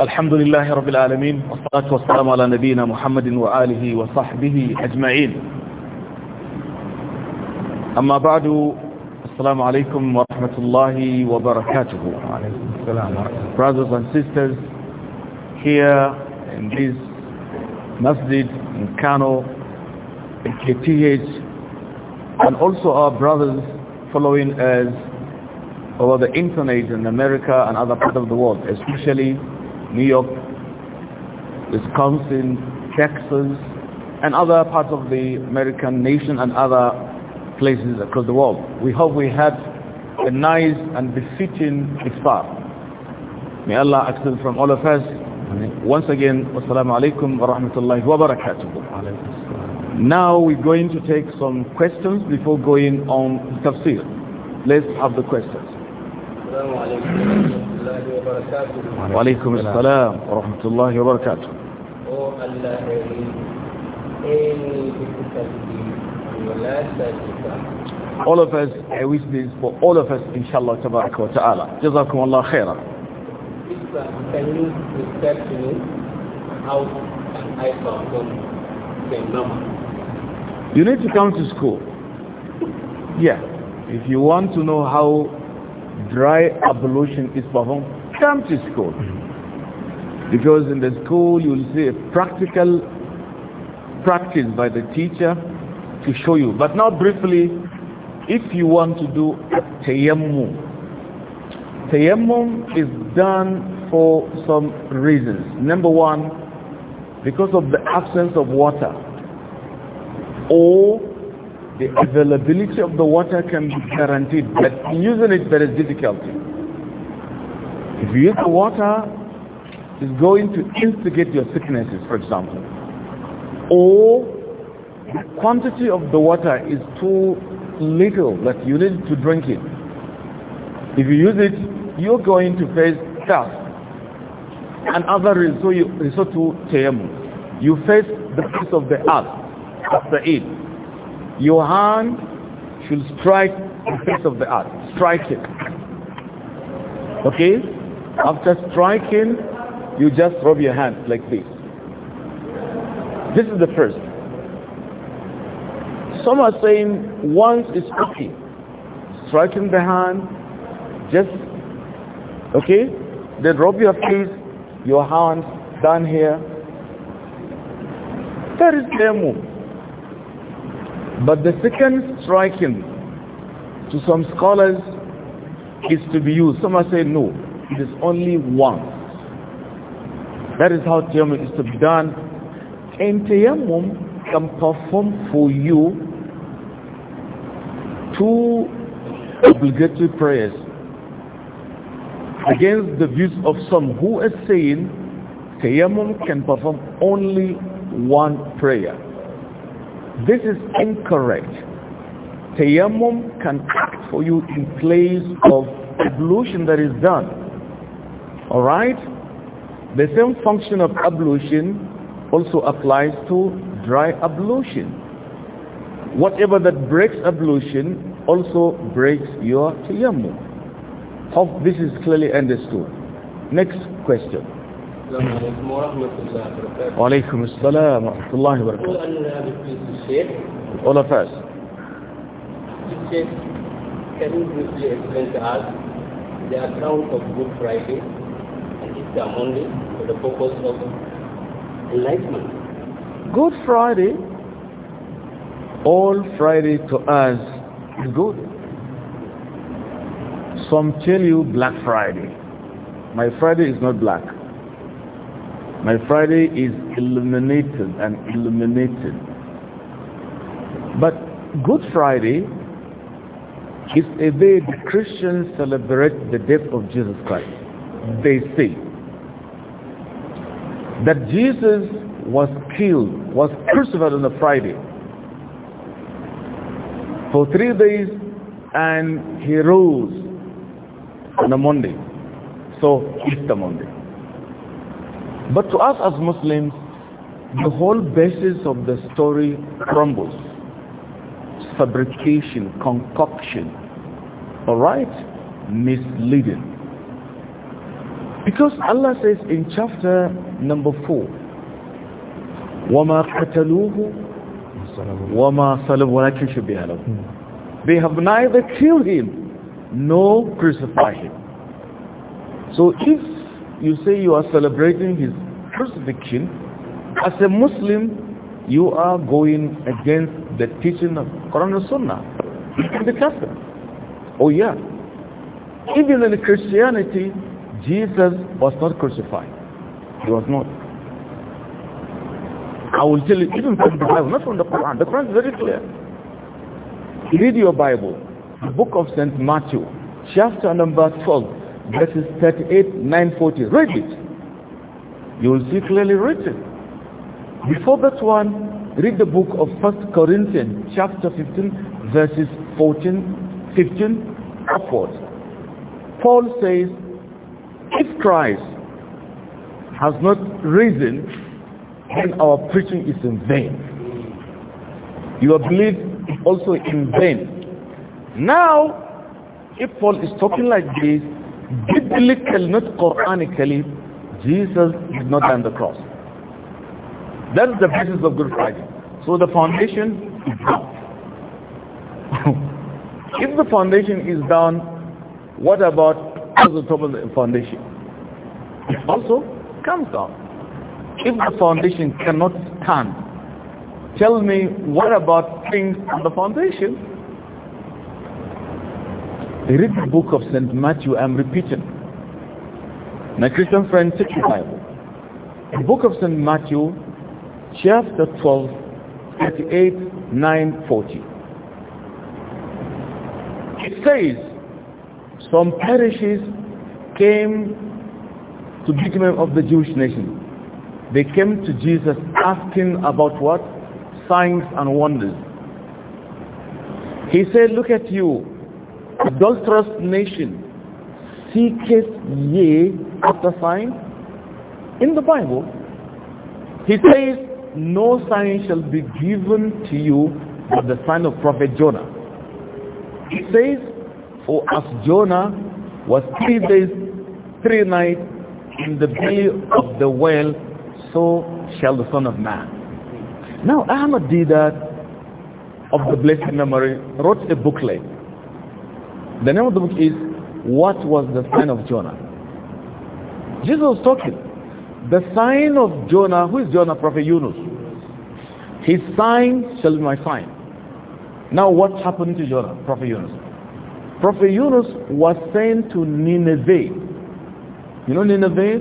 الحمد لله رب العالمين والصلاة والسلام على نبينا محمد وآله وصحبه أجمعين أما بعد السلام عليكم ورحمة الله وبركاته Brothers and sisters here in this masjid in Kano in KTH and also our brothers following us over the internet in America and other parts of the world especially New York, Wisconsin, Texas, and other parts of the American nation and other places across the world. We hope we had a nice and befitting iftar. May Allah accept from all of us. Once again, wassalamu alaikum wa rahmatullahi wa barakatuh. Now we're going to take some questions before going on tafsir. Let's have the questions. الله وبركاته وعليكم السلام ورحمة الله وبركاته All of us, I wish this for all of us, inshallah, tabarak wa ta'ala. Jazakum Allah khairan. Can you describe to me how can I perform the number? You need to come to school. Yeah. If you want to know how dry ablution is performed, come to school. Because in the school you will see a practical practice by the teacher to show you. But now briefly, if you want to do tayammum, tayammum is done for some reasons. Number one, because of the absence of water or the availability of the water can be guaranteed, but using it there is difficulty. If you use the water, it's going to instigate your sicknesses, for example. Or the quantity of the water is too little that you need to drink it. If you use it, you're going to face thirst and other resort, resort to tayammum. You face the face of the earth after it your hand should strike the face of the earth. Strike it. Okay? After striking, you just rub your hand like this. This is the first. Some are saying once is okay. Striking the hand, just, okay? Then rub your face, your hands down here. That is their move. But the second striking to some scholars is to be used. Some are saying no, it is only one. That is how tayammum is to be done. And tayammum can perform for you two obligatory prayers against the views of some who are saying tayammum can perform only one prayer. This is incorrect. Tayammum can act for you in place of ablution that is done. Alright? The same function of ablution also applies to dry ablution. Whatever that breaks ablution also breaks your tayammum. Hope this is clearly understood. Next question. السلام عليكم ورحمة الله وبركاته وعليكم السلام ورحمة الله وبركاته يقول أننا بفلس الشيخ ولا فاس Can you briefly explain to us the account of Good Friday and it's the only for the purpose of enlightenment? Good Friday, all Friday to us is good. Some tell you Black Friday. My Friday is not black. My Friday is illuminated and illuminated. But Good Friday is a day the Christians celebrate the death of Jesus Christ. They say that Jesus was killed, was crucified on a Friday for three days and he rose on a Monday. So Easter Monday. But to us as Muslims, the whole basis of the story crumbles. Fabrication, concoction, all right? Misleading. Because Allah says in chapter number 4, وَمَا قَتَلُوهُ وَمَا صَلَبُوا وَلَكِنْ They have neither killed him nor crucified him. So if you say you are celebrating his crucifixion, as a Muslim, you are going against the teaching of Quran and Sunnah. You the custom. Oh yeah. Even in Christianity, Jesus was not crucified. He was not. I will tell you, even from the Bible, not from the Quran. The Quran is very clear. Read your Bible, the book of St. Matthew, chapter number 12, verses 38, 940. Read it. You will see clearly written. Before that one, read the book of First Corinthians chapter 15, verses 14, 15 upwards. Paul says, if Christ has not risen, then our preaching is in vain. Your belief is also in vain. Now, if Paul is talking like this, biblically, not Quranically, Jesus did not die on the cross. That's the basis of Good Friday. So the foundation is down. if the foundation is down, what about the top of the foundation? It also comes down. If the foundation cannot stand, tell me what about things on the foundation? Read the book of St. Matthew, I'm repeating. My Christian friend, take the Bible. The book of St. Matthew, chapter 12, 38, 9, 40. It says, some parishes came to become of the Jewish nation. They came to Jesus asking about what? Signs and wonders. He said, look at you adulterous nation seeketh ye after sign? In the Bible, he says, no sign shall be given to you but the sign of prophet Jonah. He says, for oh, as Jonah was three days, three nights in the belly of the whale, so shall the Son of Man. Now, Ahmad Didat, of the blessed memory, wrote a booklet the name of the book is What Was the Sign of Jonah? Jesus was talking. The sign of Jonah, who is Jonah? Prophet Yunus. His sign shall be my sign. Now what happened to Jonah? Prophet Yunus. Prophet Yunus was sent to Nineveh. You know Nineveh?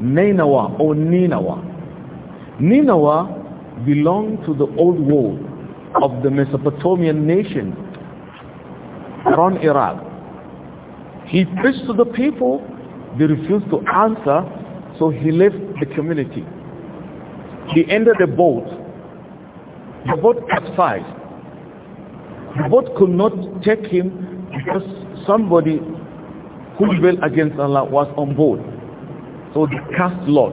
Ninawa or Ninawa. Ninawa belonged to the old world of the Mesopotamian nation around Iraq. He preached to the people, they refused to answer, so he left the community. He entered the boat. The boat capsized. The boat could not take him because somebody who rebelled against Allah was on board. So they cast lot.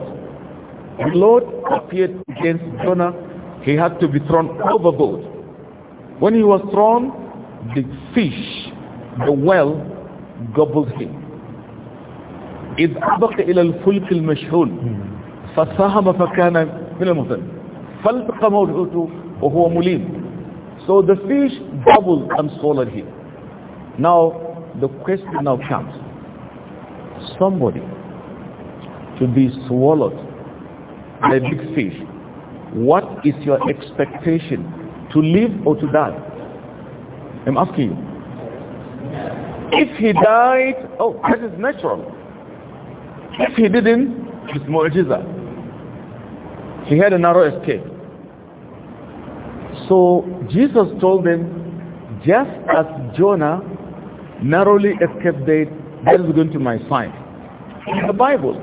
The Lord appeared against Jonah. He had to be thrown overboard. When he was thrown, the fish the well gobbles him إذ أبق إلى الفلك المشحون فساهم فكان من المهتم فالتقى موجهته وهو مليم so the fish doubled and swallowed him now the question now comes somebody to be swallowed by a big fish what is your expectation to live or to die I'm asking you if he died, oh, that is natural. If he didn't, it's mu'jiza. He had a narrow escape. So Jesus told them, just as Jonah narrowly escaped death, that is going to my sign. In the Bible,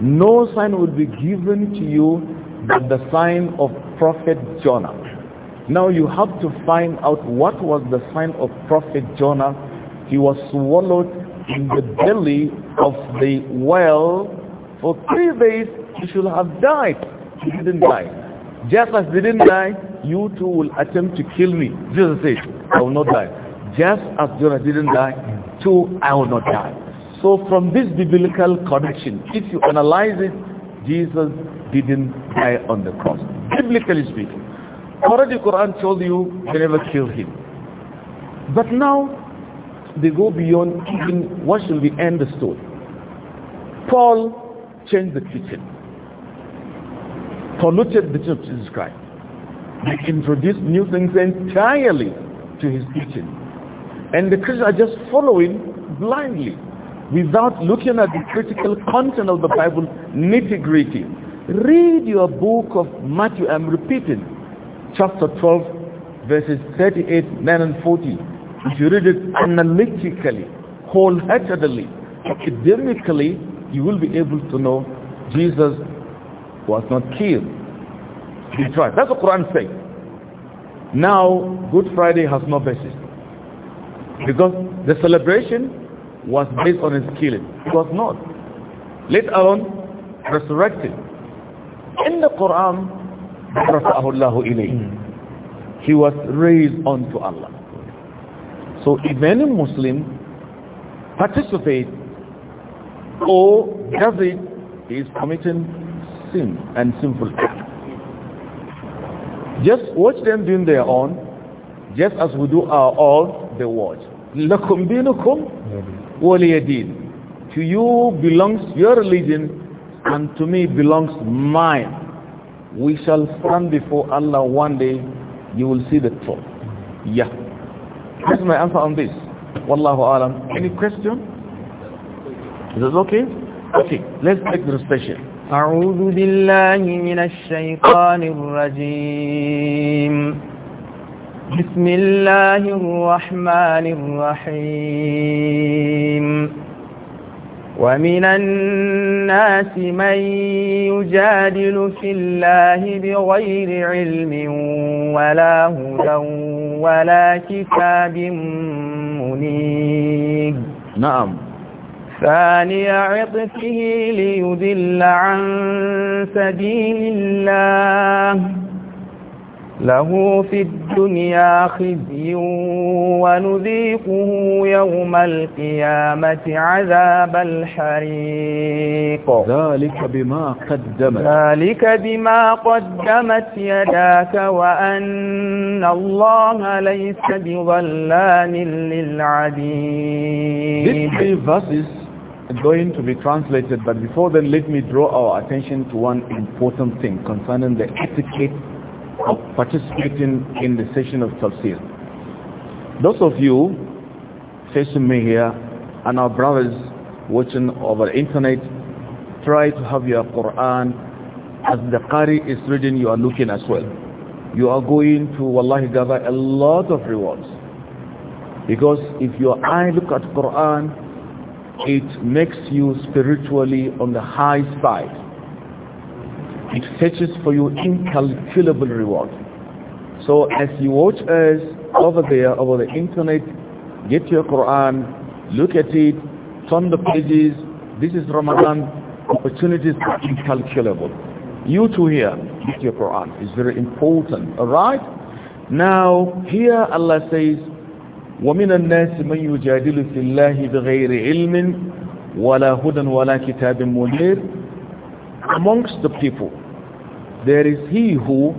no sign will be given to you but the sign of prophet Jonah. Now you have to find out what was the sign of Prophet Jonah. He was swallowed in the belly of the whale for three days. He should have died. He didn't die. Just as didn't die, you too will attempt to kill me. Jesus said, I will not die. Just as Jonah didn't die, too I will not die. So from this biblical connection, if you analyze it, Jesus didn't die on the cross. Biblically speaking. Already Quran told you they never killed him. But now they go beyond even what should be understood. Paul changed the teaching, polluted the Church of Jesus Christ. He introduced new things entirely to his teaching. And the Christians are just following blindly without looking at the critical content of the Bible nitty-gritty. Read your book of Matthew, I'm repeating, chapter 12, verses 38, 9 and 40. If you read it analytically, wholeheartedly, academically, you will be able to know Jesus was not killed. He tried. That's what Quran says. Now, Good Friday has no basis. Because the celebration was based on his killing. It was not. Let alone resurrected. In the Quran, he was raised unto Allah. So if any Muslim participates or does it, he is committing sin and sinful act. Just watch them doing their own, just as we do our own, they watch. لَكُمْ دِينُكُمْ وَلِيَدِينُ To you belongs your religion, and to me belongs mine we shall stand before Allah one day you will see the truth yeah that's my answer on this wallahu alam any question is it okay okay let's take the special. أعوذ بالله من الشيطان الرجيم بسم الله الرحمن الرحيم ومن الناس من يجادل في الله بغير علم ولا هدى ولا كتاب منيب نعم ثاني عطفه ليذل عن سبيل الله له في الدنيا خزي ونذيقه يوم القيامة عذاب الحريق ذلك بما قدمت ذلك بما قدمت يداك وأن الله ليس بظلام للعبيد These three verses are going to be translated but before then let me draw our attention to one important thing concerning the etiquette of participating in the session of tafsir. Those of you facing me here and our brothers watching over internet, try to have your Quran as the Qari is reading, you are looking as well. You are going to, wallahi, gather a lot of rewards. Because if your eye look at Quran, it makes you spiritually on the high side it fetches for you incalculable reward. So as you watch us over there, over the internet, get your Quran, look at it, turn the pages. This is Ramadan. Opportunities are incalculable. You too here, get your Quran. It's very important. All right? Now, here Allah says, وَمِنَ النَّاسِ مَنْ يُجَادِلُ فِي اللَّهِ بِغَيْرِ عِلْمٍ وَلَا هُدًى وَلَا كِتَابٍ مُنِيرٍ Amongst the people, there is he who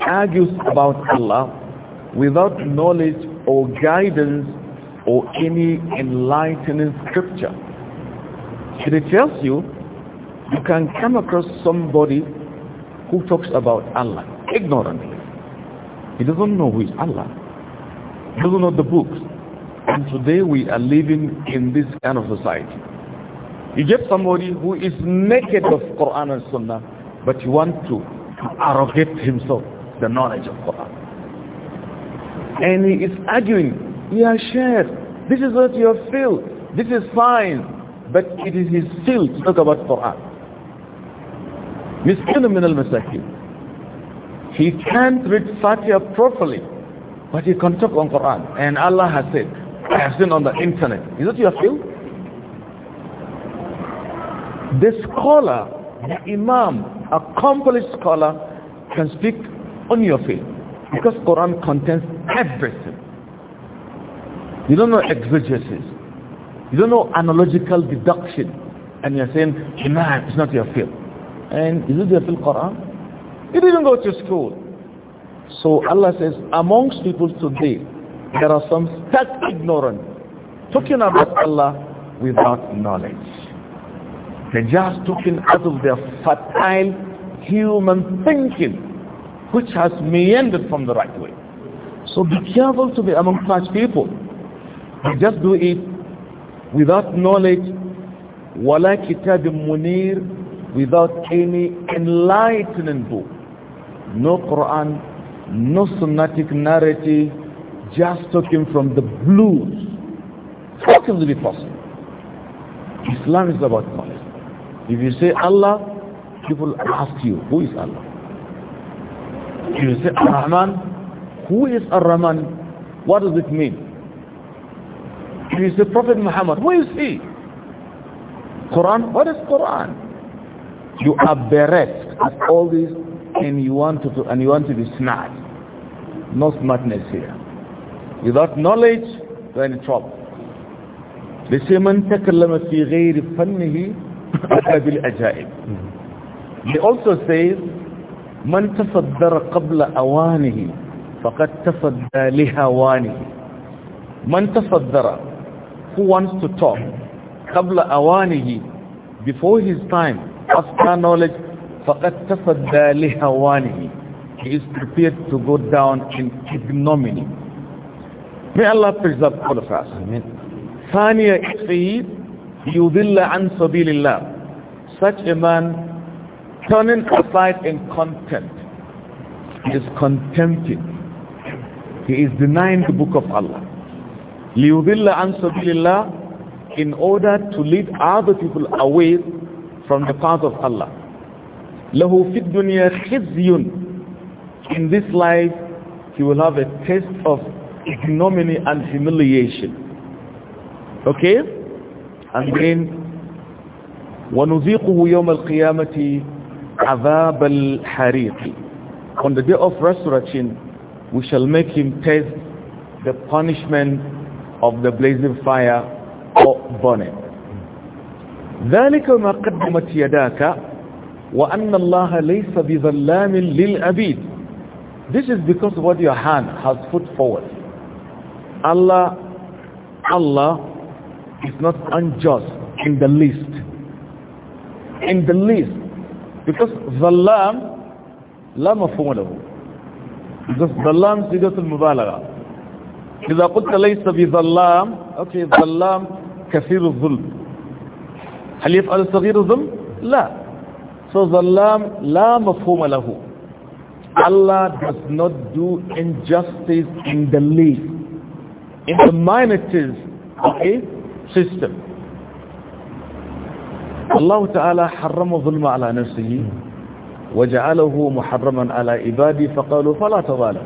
argues about Allah without knowledge or guidance or any enlightening scripture. And it tells you, you can come across somebody who talks about Allah ignorantly. He doesn't know who is Allah. He doesn't know the books. And today we are living in this kind of society. You get somebody who is naked of Quran and Sunnah, but he wants to arrogate himself the knowledge of Quran. And he is arguing, yeah, shared. This is what you have This is fine. But it is his field to talk about Quran. Miskin min al He can't read Fatiha properly, but he can talk on Quran. And Allah has said, I have seen on the internet. Is that your field? The scholar an imam, accomplished scholar, can speak on your faith. Because Quran contains everything. You don't know exegesis. You don't know analogical deduction. And you're saying, Imam, it's not your field. And is it your field Quran? You didn't go to school. So Allah says, amongst people today, there are some stark ignorant, talking about Allah without knowledge. They're just talking out of their fertile human thinking, which has meandered from the right way. So be careful to be among such people. just do it without knowledge, wala kitab munir, without any enlightening book. No Quran, no sunnatic narrative, just talking from the blues. How can it be possible? Islam is about knowledge. If you say Allah, people ask you, who is Allah? If you say Ar-Rahman, who is Ar-Rahman? What does it mean? If you say Prophet Muhammad, who is he? Quran, what is Quran? You are bereft of all this and you want to, and you want to be smart. No smartness here. Without knowledge, you're in trouble. They say, من تكلم في غير فنه بالأجائب He also says من تصدر قبل أوانه فقد تصدى لهوانه من تصدر who wants to talk قبل أوانه before his time after knowledge فقد تصدى لهوانه he is prepared to go down in ignominy may Allah preserve all of us ثانية إخيه يُذِلَّ عَنْ سَبِيلِ Such a man turning aside in contempt is contempting he is denying the book of Allah لِيُذِلَّ عَنْ سَبِيلِ in order to lead other people away from the path of Allah Lahu فِي dunya khizyun. in this life he will have a taste of ignominy and humiliation okay and then, On the day of resurrection, we shall make him taste the punishment of the blazing fire or burning. ذلك ما قدمت يداك وأن الله ليس بظلام This is because what your hand has put forward. Allah, Allah is not unjust in the least. In the least. Because the lam, لا مفهوم Because the lam سيدة المبالغة. إذا قلت ليس بظلام أوكي ظلام كثير الظلم هل يفعل الصغير الظلم؟ لا so لا مفهوم له Allah does not do injustice in the least in the minorities okay سيستم الله تعالى حرم الظلم على نفسه وجعله محرما على عبادي فقالوا فلا تظالم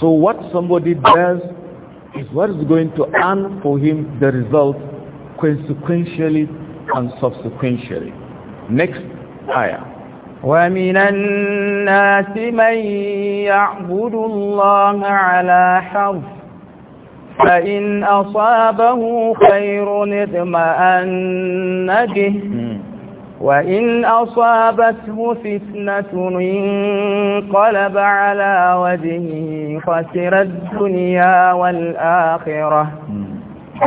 So what somebody does is what is going to earn for him the result consequentially and subsequentially. Next ayah. ومن الناس من يعبد الله على حرف فإن أصابه خير اطمأن به وإن أصابته فتنة انقلب على وجهه خسر الدنيا والآخرة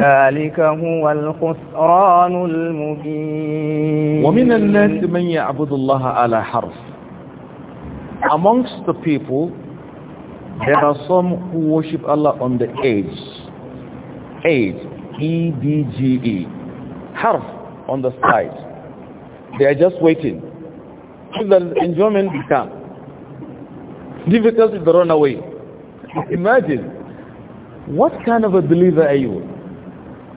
ذلك هو الخسران المبين ومن الناس من يعبد الله على حرف Amongst the people, there are some who worship Allah on the edge age D G E. harf on the side they are just waiting till the enjoyment become difficult to run away imagine what kind of a believer are you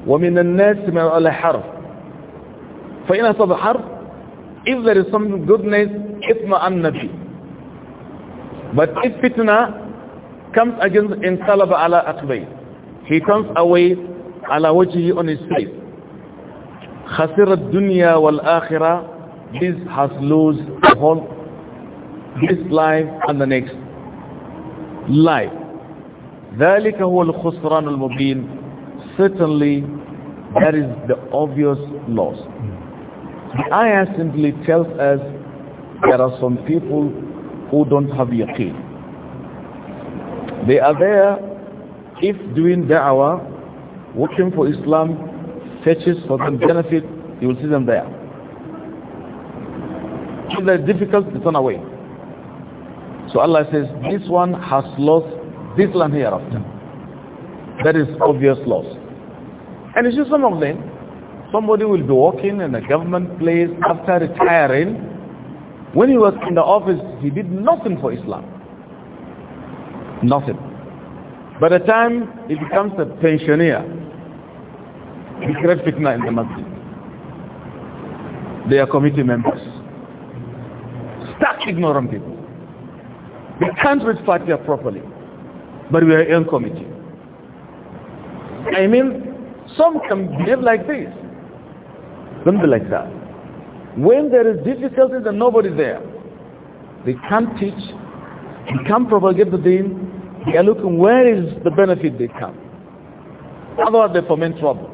ومن الناس من على حرف فإن أصاب حرف if there is some goodness اطمأن به but if fitna comes against انقلب على أقبيه he turns away ala wajhi on his face khasira dunya wal akhirah this has lost the whole this life and the next life ذلك هو الخسران المبين certainly that is the obvious loss the ayah simply tells us there are some people who don't have yaqeen they are there if doing da'wah, working for Islam, fetches for them benefit, you will see them there. If they're difficult, they turn away. So Allah says, this one has lost this land hereafter. That is obvious loss. And you see some of them. Somebody will be working in a government place after retiring. When he was in the office, he did nothing for Islam. Nothing. By the time he becomes a pensioner, he creates fitna in the masjid. They are committee members. Stuck ignorant people. We can't reach Fatiha properly, but we are in committee. I mean, some can behave like this. Don't be like that. When there is difficulties and nobody there, they can't teach, they can't propagate the deen, they are looking where is the benefit they come. Otherwise they foment trouble.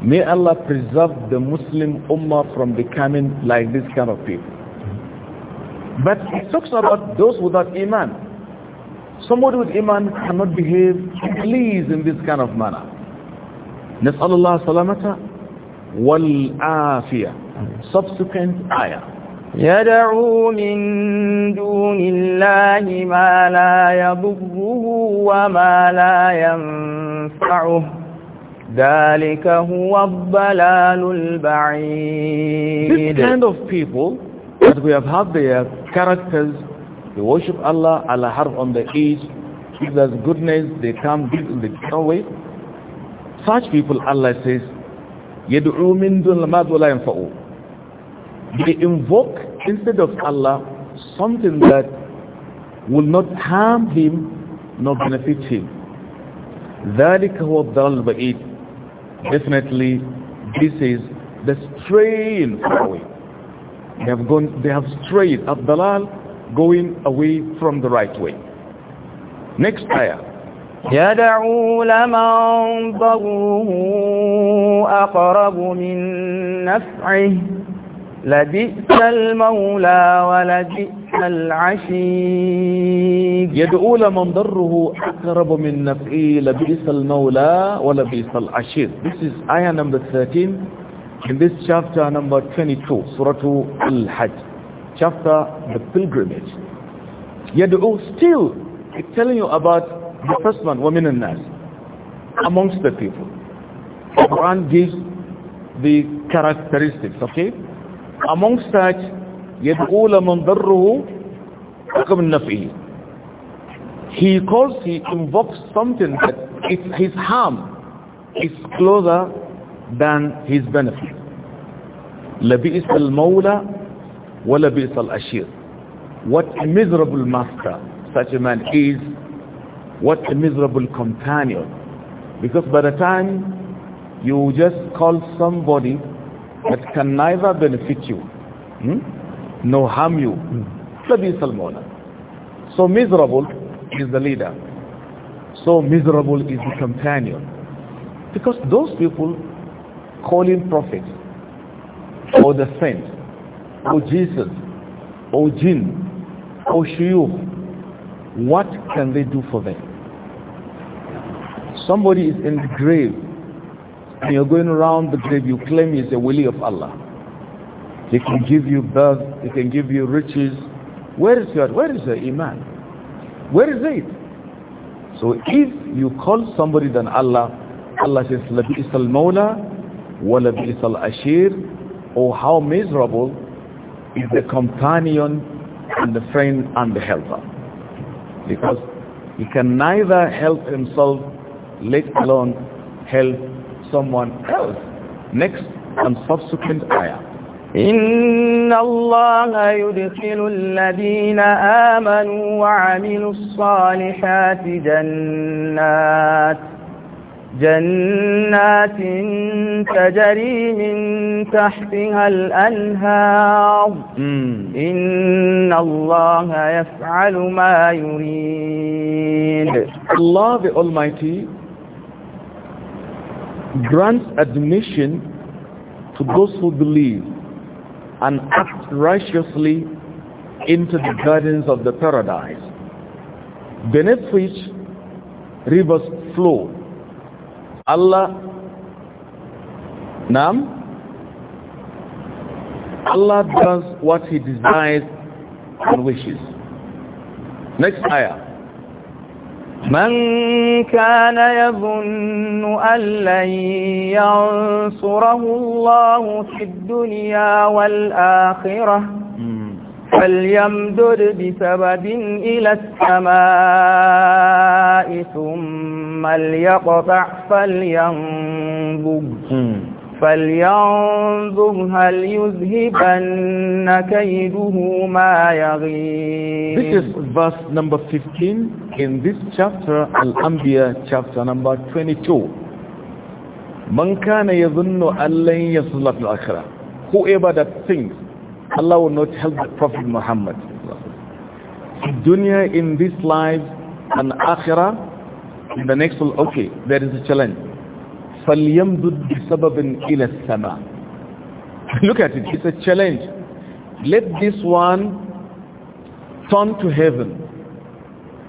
May Allah preserve the Muslim Ummah from becoming like this kind of people. But it talks about those without Iman. Somebody with Iman cannot behave please in this kind of manner. نسأل الله سلامته والآفية subsequent ayah يدعو من دون الله ما لا يضره وما لا ينفعه ذلك هو الضلال البعيد This kind of people that we have had their characters they worship Allah, Allah harf on the east if there's goodness they come give in the way such people Allah says يدعو من دون الله ما لا ينفعه they invoke instead of Allah something that will not harm him nor benefit him ذلك هو الضلال definitely this is the straying away they have gone they have strayed الضلال going away from the right way next ayah لمن ضره أقرب من نفعه لبئس المولى ولبئس العشير يدعو لمن ضره أقرب من نفعه لبئس المولى ولبئس العشير This is ayah number 13 in this chapter number 22 Surah Al-Hajj chapter the pilgrimage يدعو still it's telling you about the first one women and nas amongst the people the Quran gives the characteristics okay amongst that يدعو لمن ضره أقم النفعه he calls he invokes something that his harm is closer than his benefit لبئس المولى ولبئس الأشير what a miserable master such a man is what a miserable companion because by the time you just call somebody that can neither benefit you hmm, nor harm you. Sabi Salmona. So miserable is the leader. So miserable is the companion. Because those people calling prophets or the saints or Jesus or jinn or shuyukh, what can they do for them? Somebody is in the grave and you're going around the grave, you claim he's the Willie of Allah. He can give you birth, he can give you riches. Where is your, where is the iman? Where is it? So if you call somebody than Allah, Allah says, لَبِئِسَ الْمَوْلَى al ashir." Oh, how miserable is the companion and the friend and the helper. Because he can neither help himself, let alone help someone else. Next and subsequent ayah. إن الله يدخل الذين آمنوا وعملوا الصالحات جنات جنات تجري من تحتها الأنهار إن الله يفعل ما يريد Allah the Almighty grants admission to those who believe and act righteously into the gardens of the paradise, beneath which rivers flow. Allah Nam Allah does what he desires and wishes. Next ayah. من كان يظن أن لن ينصره الله في الدنيا والآخرة فليمدد بسبب إلى السماء ثم ليقطع فلينبض فلينظر هل يذهبن كيده ما يغيب This is verse number 15 in this chapter Al-Anbiya chapter number 22 من كان يظن أن لن يصل في الأخرة Whoever that thinks Allah will not help the Prophet Muhammad Dunya in this life and akhirah in the next okay there is a challenge فَلْيَمْدُدْ بِسَبَبٍ إِلَى السَّمَاءِ Look at it, it's a challenge. Let this one turn to heaven.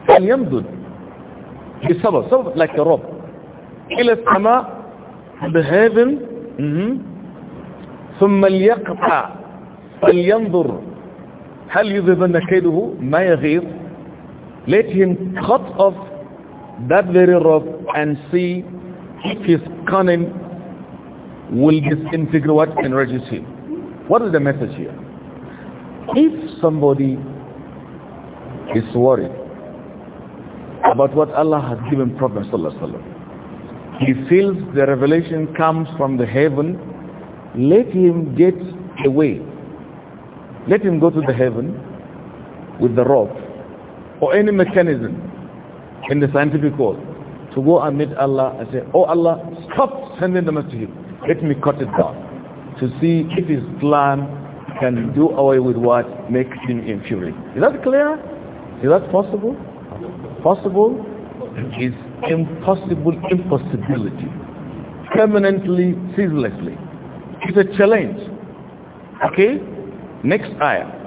فَلْيَمْدُدْ بسبب سبب like a rope إلى السماء the heaven mm -hmm. ثم ليقطع فلينظر هل يذهبن كيده ما يغيظ let him cut off that very rope and see his cunning will disintegrate what register, him. What is the message here? If somebody is worried about what Allah has given Prophet he feels the revelation comes from the heaven, let him get away. Let him go to the heaven with the rope or any mechanism in the scientific world to go and meet Allah and say, Oh Allah, stop sending the him. Let me cut it down. To see if His plan can do away with what makes him impure. Is that clear? Is that possible? Possible is impossible impossibility. Permanently, ceaselessly. It's a challenge. Okay? Next ayah.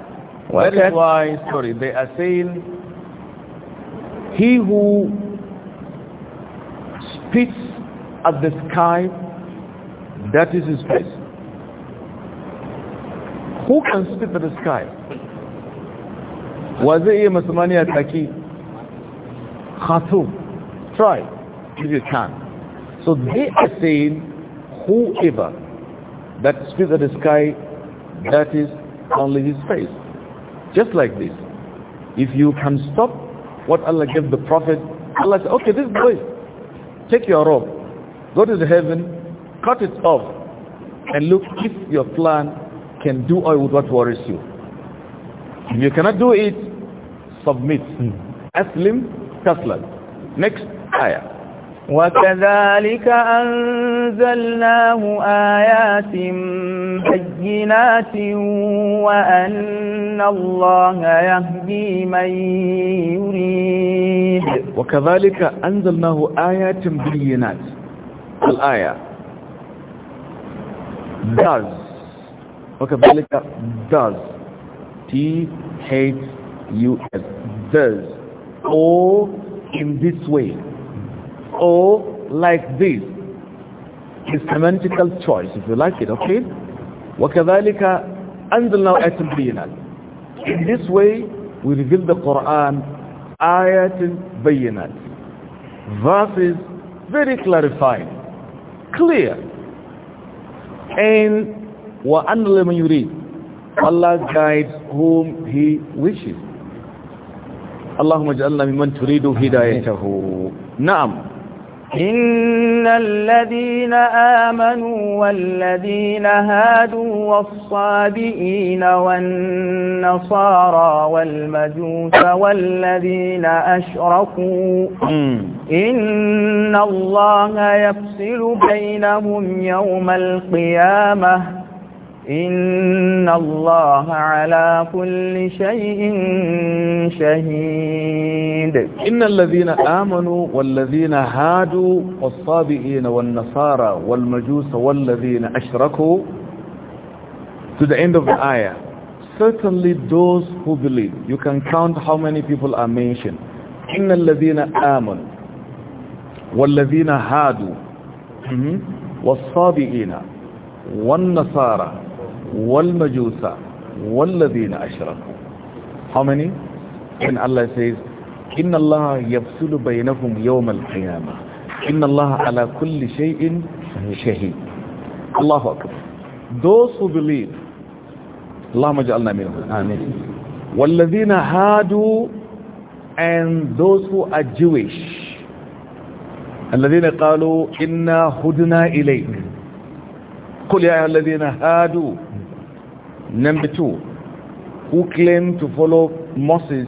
Well, that is why, sorry, they are saying, he who spits at the sky, that is his face. Who can spit at the sky? wa zai iya a tsaki khatum try if you can so they are saying whoever that spits at the sky that is only his face just like this if you can stop what Allah gave the prophet Allah said okay this boy take your robe, go to the heaven, cut it off, and look if your plan can do all with what worries you. If you cannot do it, submit. Hmm. Aslim, Taslan. Next ayah. وكذلك أنزلناه آيات بينات وأن الله يهدي من يريد وكذلك أنزلناه آيات بينات الآية does وكذلك does T H U S does or oh, in this way or like this is semantical choice if you like it okay وكذلك أنزلنا آيات بينات in this way we reveal the Quran آيات بينات verses very clarifying clear and وأن لمن يريد Allah guides whom he wishes اللهم اجعلنا ممن تريد هدايته نعم إن الذين آمنوا والذين هادوا والصابئين والنصارى والمجوس والذين أشركوا إن الله يفصل بينهم يوم القيامة إن الله على كل شيء شهيد إن الذين آمنوا والذين هادوا والصابئين والنصارى والمجوس والذين أشركوا to the end of the ayah certainly those who believe you can count how many people are mentioned إن الذين آمنوا والذين هادوا والصابئين والنصارى wal majusa wal ladina ashraku how many when Allah says inna Allah yafsulu bainahum yawm al inna Allah ala kulli shay'in shahid Allahu akbar those who believe and those who are Jewish Number two, who claim to follow Moses,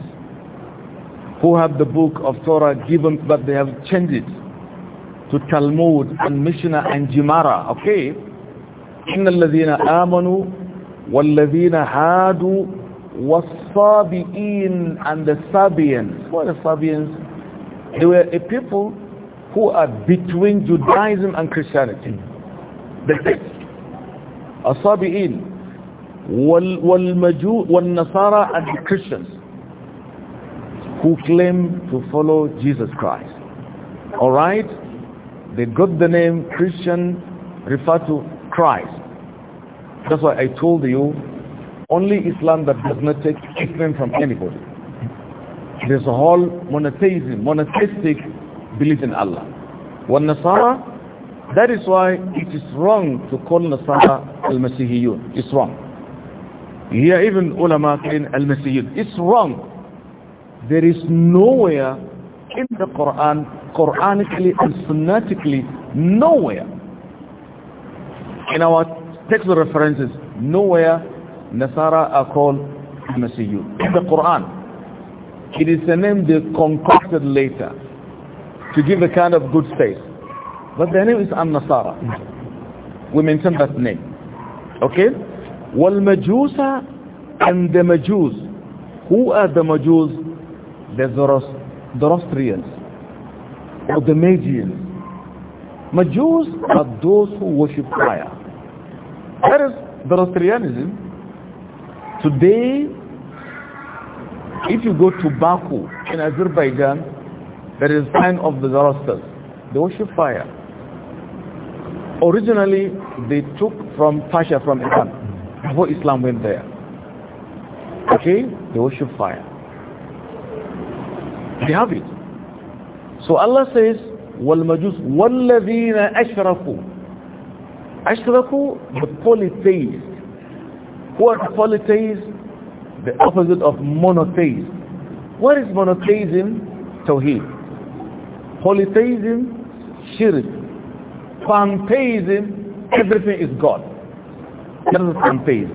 who have the book of Torah given, but they have changed it to Talmud and Mishnah and Gemara. Okay? إن الذين آمنوا والذين هادوا والصابئين and the Sabians. What are the Sabians? They were a people who are between Judaism and Christianity. The text. والمجو والنصارى and the Christians who claim to follow Jesus Christ. All right? They got the name Christian referred to Christ. That's why I told you only Islam that does not take treatment from anybody. There's a whole monotheism, monotheistic belief in Allah. One Nasara, that is why it is wrong to call Nasara al-Masihiyun. It's wrong. Here even ulama in al-Masihid. It's wrong. There is nowhere in the Quran, Quranically and Sunnatically, nowhere. In our textual references, nowhere Nasara are called Masihud. In the Quran, it is a name they concocted later to give a kind of good face. But their name is An-Nasara. We mention that name. Okay? والمجوس and the Majus who are the Majus the Zoroastrians or the Magians Majus are those who worship fire that is Zoroastrianism today if you go to Baku in Azerbaijan there is sign of the Zoroasters they worship fire originally they took from Pasha from Iran what Islam went there. Okay? They worship fire. They have it. So Allah says, وَالْمَجُوسِ وَالَّذِينَ أَشْرَفُوا أَشْرَفُوا the polytheists. Who are the polytheists? The opposite of monotheism. What is monotheism? Tawheed. Polytheism? Shirk. Pantheism? Everything is God terms and pays.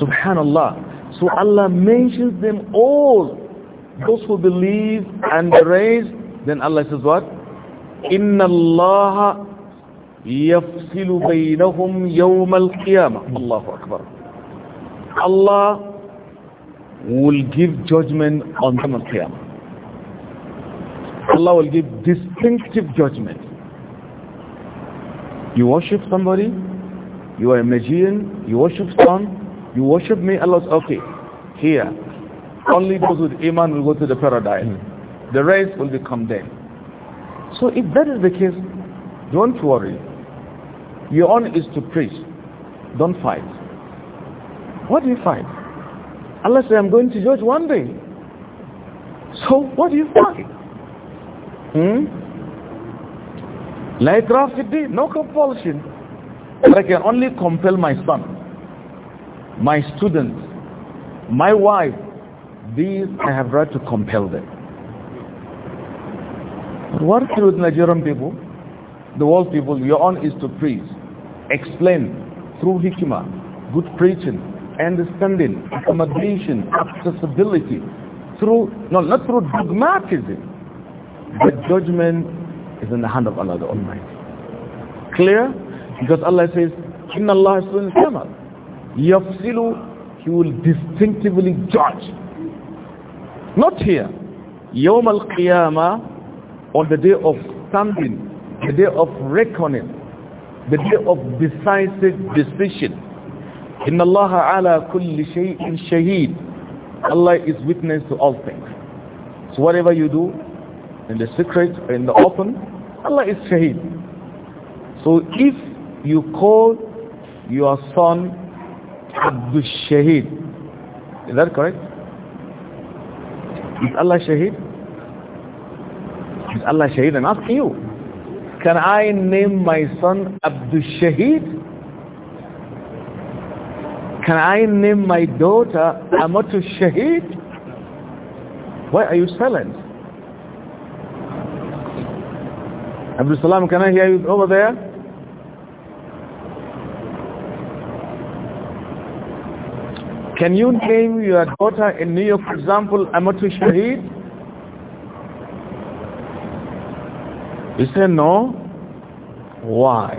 Subhanallah. So Allah mentions them all. Those who believe and raise. then Allah says what? Inna إِنَّ yafsilu يَفْصِلُ بَيْنَهُمْ al الْقِيَامَةِ Allahu Akbar. Allah will give judgment on them al-Qiyamah. Allah will give distinctive judgment. You worship somebody, you are a Magian, you worship sun, you worship me, Allah says, okay, here. Only those with Iman will go to the paradise. Hmm. The rest will be condemned. So if that is the case, don't worry. Your own is to preach. Don't fight. What do you fight? Allah says, I'm going to judge one day. So what do you fight? Hmm? Like Rafidi, no compulsion. But I can only compel my son, my students, my wife. These I have right to compel them. But what is with Nigerian people, the world people, your own is to preach, explain through hikmah, good preaching, understanding, accommodation, accessibility, through, no, not through dogmatism. But judgment is in the hand of Allah the Almighty. Clear? Because Allah says, إِنَّ اللَّهَ سُنْ كَمَا يَفْصِلُ He will distinctively judge. Not here. Al القيامة on the day of standing, the day of reckoning, the day of decisive decision. In Allah عَلَى كُلِّ shayin شَهِيدٍ Allah is witness to all things. So whatever you do, in the secret, or in the open, Allah is Shaheed. So if you call your son Abdul Shahid. Is that correct? Is Allah Shahid? Is Allah Shahid? And ask you, can I name my son Abdul Shahid? Can I name my daughter Amatu Shahid? Why are you silent? Abdul Salam, can I hear you over there? Can you name your daughter in New York, for example, Amatu Shahid? You say no. Why?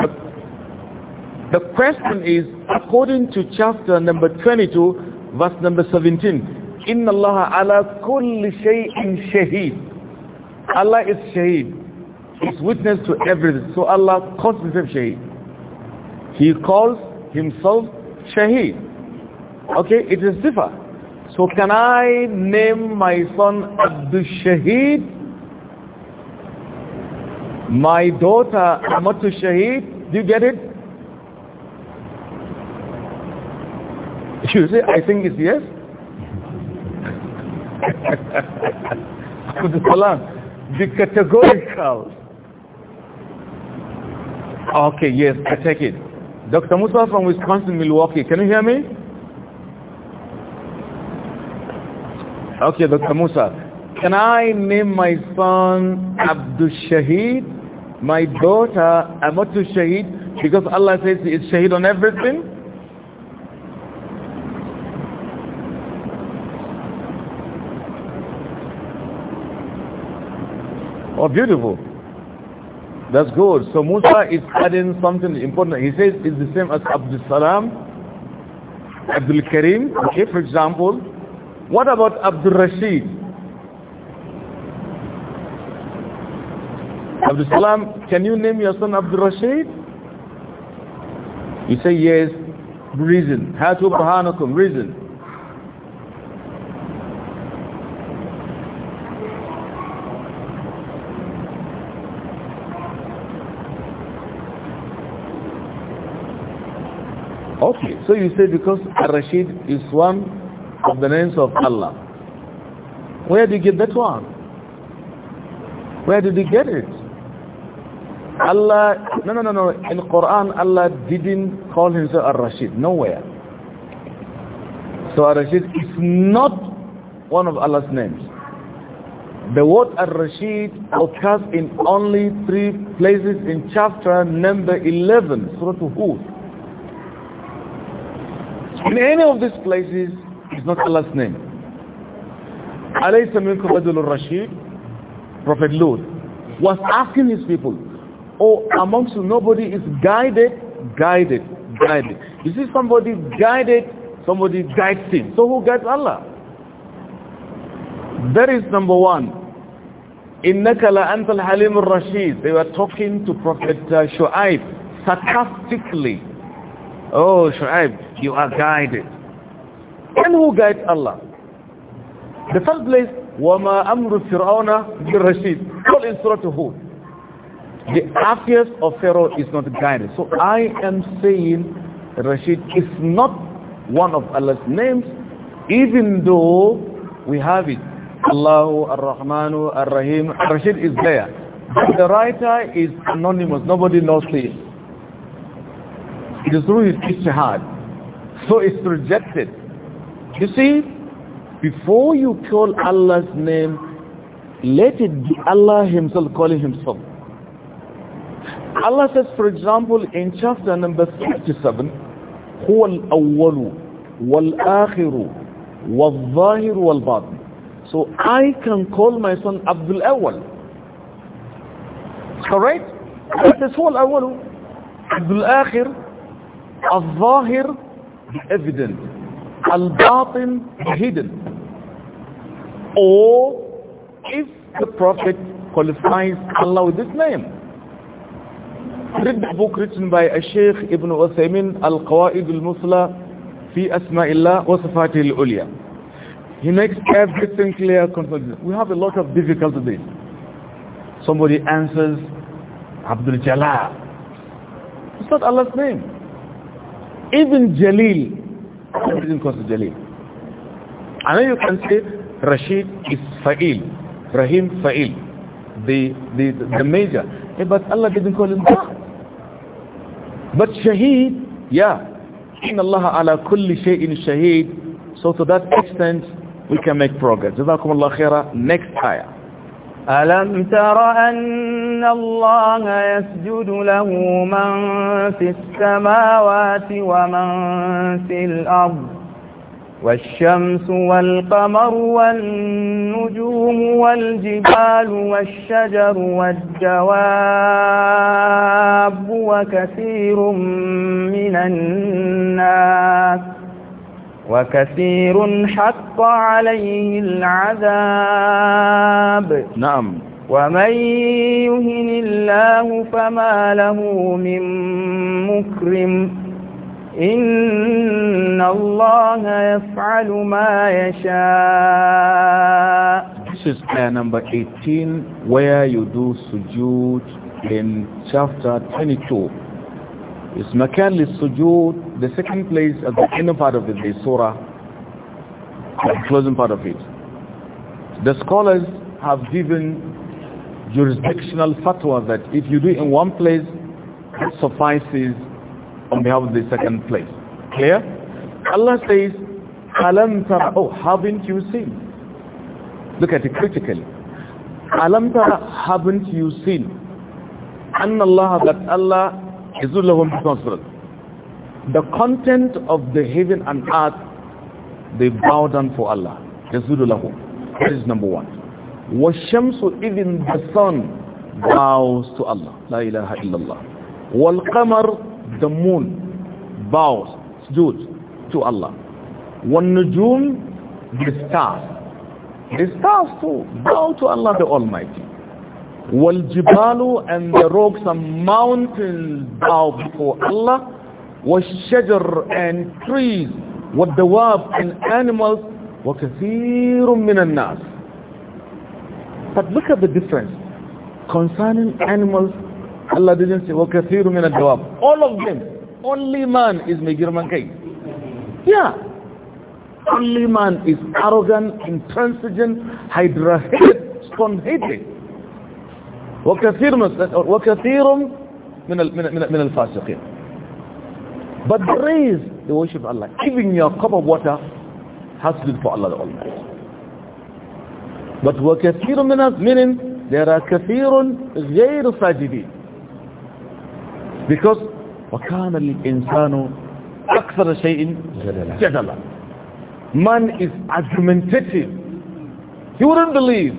The, the question is, according to chapter number 22, verse number 17, Allah Allah عَلَى كُلِّ in شَهِيدٍ Allah is shaheed is witness to everything. So Allah calls himself Shaheed. He calls himself Shaheed. Okay, it is different. So can I name my son Abdul Shaheed? My daughter Amatul Shaheed? Do you get it? You say, I think it's yes. the categorical Okay, yes, I take it. Dr. Musa from Wisconsin, Milwaukee. Can you hear me? Okay, Dr. Musa. Can I name my son Abdul Shahid? My daughter Amatu Shahid? Because Allah says he is Shahid on everything? Oh, beautiful. That's good. So Musa is adding something important. He says it's the same as Abdul Salam, Abdul Karim. Okay, for example, what about Abdul Rashid? Abdul Salam, can you name your son Abdul Rashid? You say yes. Reason. Hatu burhanakum. Reason. Okay, so you say because Ar-Rashid is one of the names of Allah. Where did you get that one? Where did you get it? Allah, no, no, no, no. In Quran, Allah didn't call himself Ar-Rashid. Nowhere. So Ar-Rashid is not one of Allah's names. The word Ar-Rashid occurs in only three places in chapter number 11, Surah Hud. In any of these places, it's not Allah's name. Alayhi minkum Badulur Rashid, Prophet Lut, was asking his people, Oh, amongst you nobody is guided, guided, guided. You see somebody guided, somebody guides him. So who guides Allah? That is number one. Innaka la antal halim rashid. They were talking to Prophet uh, Shu'aib sarcastically. Oh, Shu'aib, you are guided. And who guides Allah? The first place, وَمَا أَمْرُ فِرْعَوْنَ بِالرَّشِيدِ Call in Surah Hud. The affairs of Pharaoh is not guided. So I am saying Rashid is not one of Allah's names, even though we have it. Allahu Ar-Rahmanu Ar-Rahim. Rashid is there. But the writer is anonymous. Nobody knows him. It is through his ijtihad. So it's rejected. You see, before you call Allah's name, let it be Allah himself calling himself. Allah says, for example, in chapter number 57, هو الأول والآخر والظاهر والباطن. So I can call my son Abdul Awal. Correct? That is هو الأول Abdul Akhir الظاهر evident. Al-Batin, hidden. Or if the Prophet qualifies Allah with this name. Read the book written by a Sheikh Ibn Uthaymin, Al-Qawaid al-Musla, Fi Asma'illah wa Safati al-Ulya. He makes everything clear. We have a lot of difficulties. Somebody answers Abdul Jalal. It's not Allah's name. even Jalil Ibn consider Jalil and then you can say Rashid is Fa'il Rahim Fa'il the, the, the major hey, eh, but Allah didn't call him that but Shaheed yeah إن الله على كل شيء shahid, so to that extent we can make progress جزاكم الله خيرا next ayah ألم تر أن الله يسجد له من في السماوات ومن في الأرض والشمس والقمر والنجوم والجبال والشجر والدواب وكثير من الناس وكثير حق عليه العذاب نعم ومن يهن الله فما له من مكرم إن الله يفعل ما يشاء This is prayer number 18 where you do sujood in chapter 22 is makan lis-sujud the second place at the end part of the surah, the closing part of it. The scholars have given jurisdictional fatwa that if you do it in one place, it suffices on behalf of the second place. Clear? Allah says, Alam tara, oh, haven't you seen? Look at it critically. Alam tara, haven't you seen? Anna Allah, that Allah The content of the heaven and earth, they bow down for Allah. That is number one. وَالشَّمْسُ Even the sun bows to Allah. La ilaha illallah. Wal qamar, The moon bows, sujood, to Allah. وَالنُّجُومُ The stars. The stars too bow to Allah the Almighty. Waljibalu and the rocks and mountains bow before Allah والشجر and trees والدواب and animals وكثير من الناس but look at the difference concerning animals Allah didn't say وكثير من الدواب all of them only man is megirman kai yeah only man is arrogant intransigent hydra-headed stone-headed وكثير من وكثير من من, من الفاسقين but the raise the worship of Allah even your cup of water has been for Allah the Almighty but وكثير من الناس meaning there are كثير غير ساجدين because وكان الإنسان أكثر شيء جدلا man is argumentative he wouldn't believe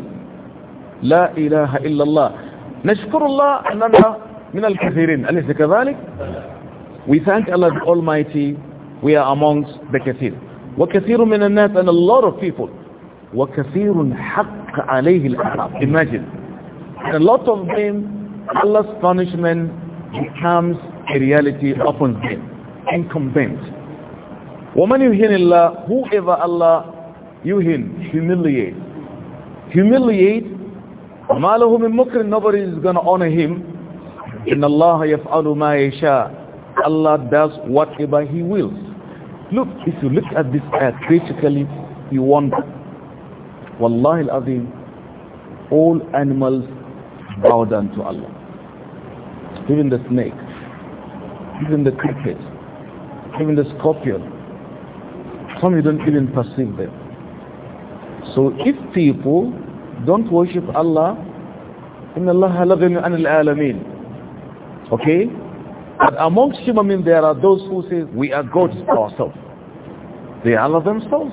لا إله إلا الله نشكر الله أننا من الكثيرين أليس كذلك we thank Allah the Almighty we are amongst the كثير وكثير من الناس and a lot of people وكثير حق عليه العذاب imagine and a lot of them Allah's punishment becomes a reality upon them and condemned ومن يهين الله whoever Allah يهين humiliate humiliate وَمَا min mukrin. Nobody is going to honor him. In Allah يَفْعَلُ مَا yasha. Allah does whatever He wills. Look, if you look at this ayah critically, you wonder. Wallahi al-Azim, all animals bow down to Allah. Even the snake, even the cricket, even the scorpion. Some you don't even perceive them. So if people don't worship Allah inna Allah laghni anil alamin okay but amongst human there are those who say we are gods ourselves they are Allah themselves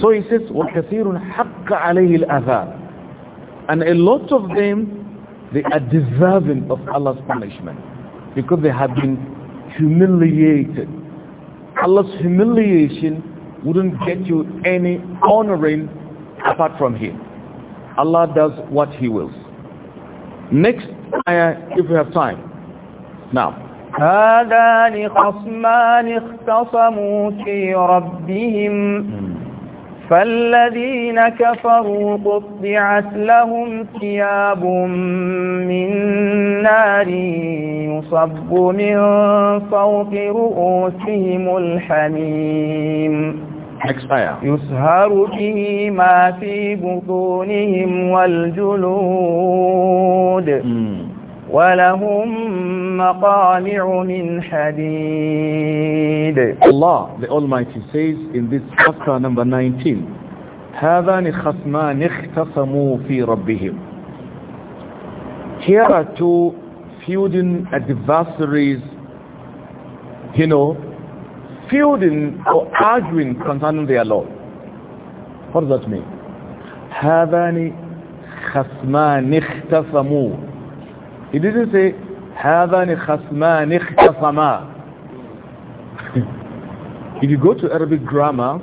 so he says وَكَثِيرٌ حَقَّ عَلَيْهِ الْأَذَى and a lot of them they are deserving of Allah's punishment because they have been humiliated Allah's humiliation wouldn't get you any honoring apart from him Allah does what he wills next ayah if we have time now هذان خصمان اختصموا في ربهم hmm. فالذين كفروا قطعت لهم ثياب من نار يصب من فوق رؤوسهم الحميم يسهر به ما في بطونهم والجلود ولهم مقامع من حديد الله the Almighty says in this chapter number 19 هذان خصمان اختصموا في ربهم Here are two feuding adversaries you know disputing or arguing concerning their Lord. What does that mean? هذان خصمان اختصموا He didn't say هذان خصمان اختصما If you go to Arabic grammar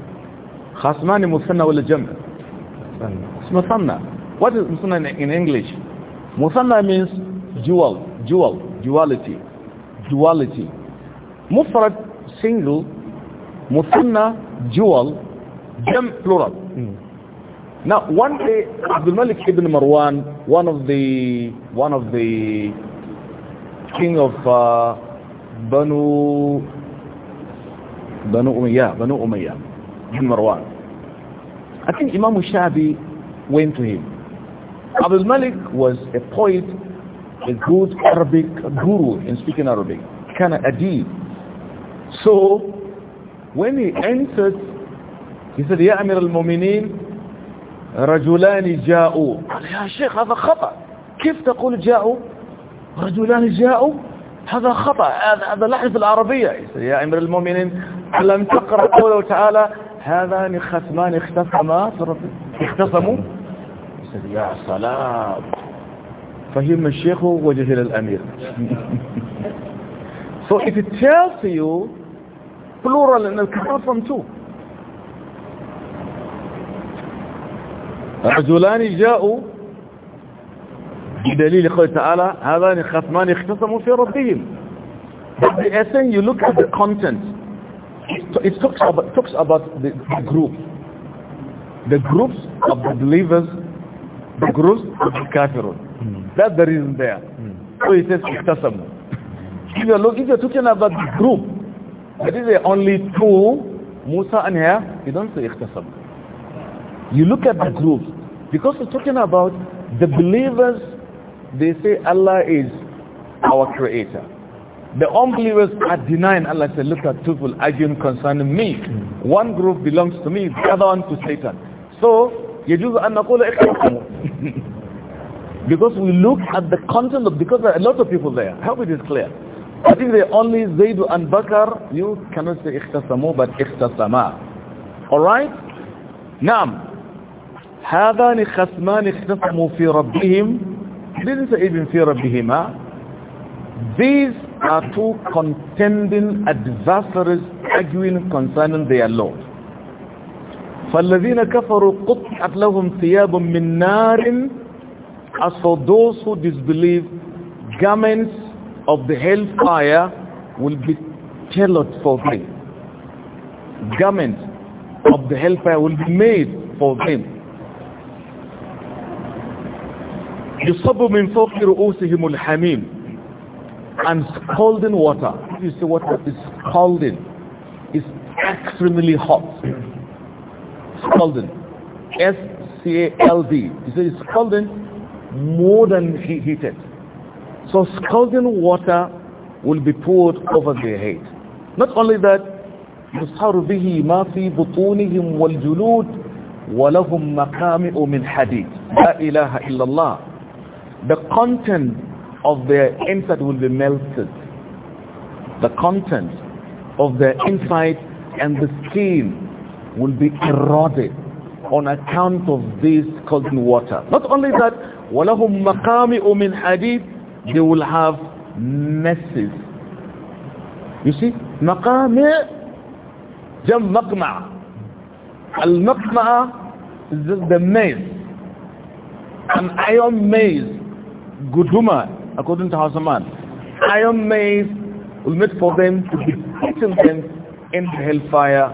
خصمان مثنى ولا جمع مثنى What is musanna in English? Musanna means dual, dual, duality, duality. Mufrad single Musanna, Jewel, gem plural. Hmm. Now, one day, Abdul Malik ibn Marwan, one of the, one of the king of uh, Banu, Banu Umayyah, Banu Umayyah, ibn Marwan. I think Imam Shabi went to him. Abdul Malik was a poet, a good Arabic guru in speaking Arabic, kind of adib. So when he entered he said يا أمير المؤمنين رجلان جاءوا قال يا شيخ هذا خطأ كيف تقول جاءوا رجلان جاءوا هذا خطأ هذا لحن في العربية يا أمير المؤمنين لم تقرأ قوله تعالى هذان ختمان اختصما اختصموا يا سلام فهم الشيخ وجهل الأمير so if it tells you plural ان Al-Kahf from two. رجلان جاءوا بدليل قوله تعالى هذان خصمان اختصموا في ربهم But the essence, you look at the content. It talks about, talks about the, the group. The groups of the believers, the groups of the kafirun. That's the reason there. So he says, اختصموا. If you're, looking, if you're talking about the group, That is the only two, Musa and her, you don't say ikhtasab. You look at the groups, because we're talking about the believers, they say Allah is our creator. The unbelievers are denying Allah Say, look at two people arguing concerning me. One group belongs to me, the other one to Satan. So, Because we look at the content of, because there are a lot of people there. I hope it is clear. I think they only Zaid and Bakr, you cannot say اختصموا but اختصما. Alright? نعم. هذان خصمان اختصموا في ربهم. He didn't say even في ربهما. These are two contending adversaries arguing concerning their Lord. فالذين كفروا قطعت لهم ثياب من نار as for those who disbelieve garments of the hellfire will be tailored for them. Garments of the hellfire will be made for them. يصب من فوق رؤوسهم الحميم and scalding water you see water is scalding is extremely hot scalding S-C-A-L-D you see it's scalding more than he heated so scalding water will be poured over their head. Not only that, the به ما في بطونهم والجلود ولهم مقامع من حديد لا إله إلا الله The content of their inside will be melted. The content of their inside and the skin will be eroded on account of this cold water. Not only that, وَلَهُمْ مَقَامِئُ مِنْ حَدِيدٍ they will have masses you see مقامع جم is the maze an iron maze guduma according to Hassaman iron maze will make for them to be putting them in hellfire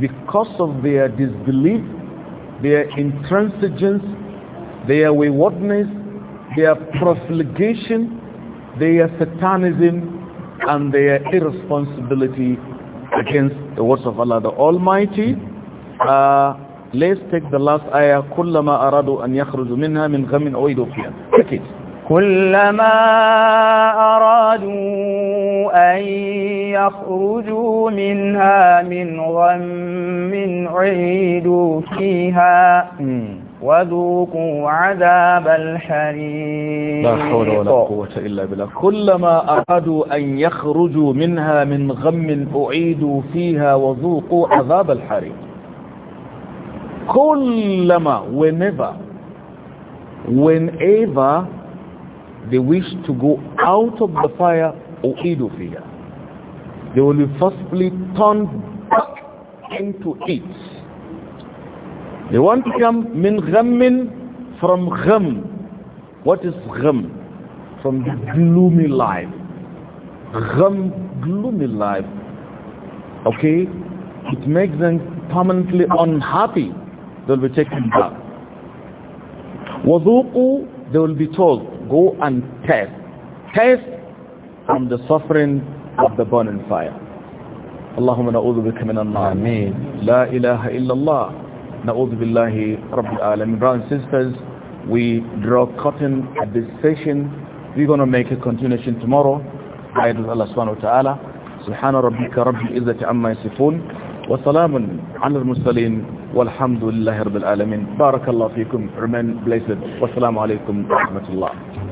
because of their disbelief their intransigence their waywardness their profligation, their satanism, and their irresponsibility against the words of Allah the Almighty. Uh, let's take the last ayah. كُلَّمَا أَرَادُوا أَنْ يَخْرُجُوا مِنْهَا مِنْ غَمٍ أَوْيْدُوا فِيهَا Take it. كُلَّمَا أَرَادُوا أَنْ يَخْرُجُوا مِنْهَا مِنْ غَمٍ عِيدُوا فِيهَا hmm. وذوقوا عذاب الحريق لا حول ولا قوة إلا بالله كلما أرادوا أن يخرجوا منها من غم أعيدوا فيها وذوقوا عذاب الحريق كلما whenever whenever they wish to go out of the fire أعيدوا فيها they will be firstly turned back into it They want to come min ghammin from gham. What is gham? From the gloomy life. Gham, gloomy life. Okay? It makes them permanently unhappy. They'll be taken back. Waduku, they will be told, go and test. Test from the suffering of the burning fire. اللهم نعوذ بك من النار لا إله إلا الله na'udhu billahi rabbil alamin brothers and sisters we draw cotton at this session we're going to make a continuation tomorrow ayat Allah subhanahu wa ta'ala subhana rabbika rabbil izzati amma yasifun wa salamun 'alal mursalin walhamdulillahi rabbil alamin barakallahu fikum remain blessed wassalamu alaykum wa rahmatullah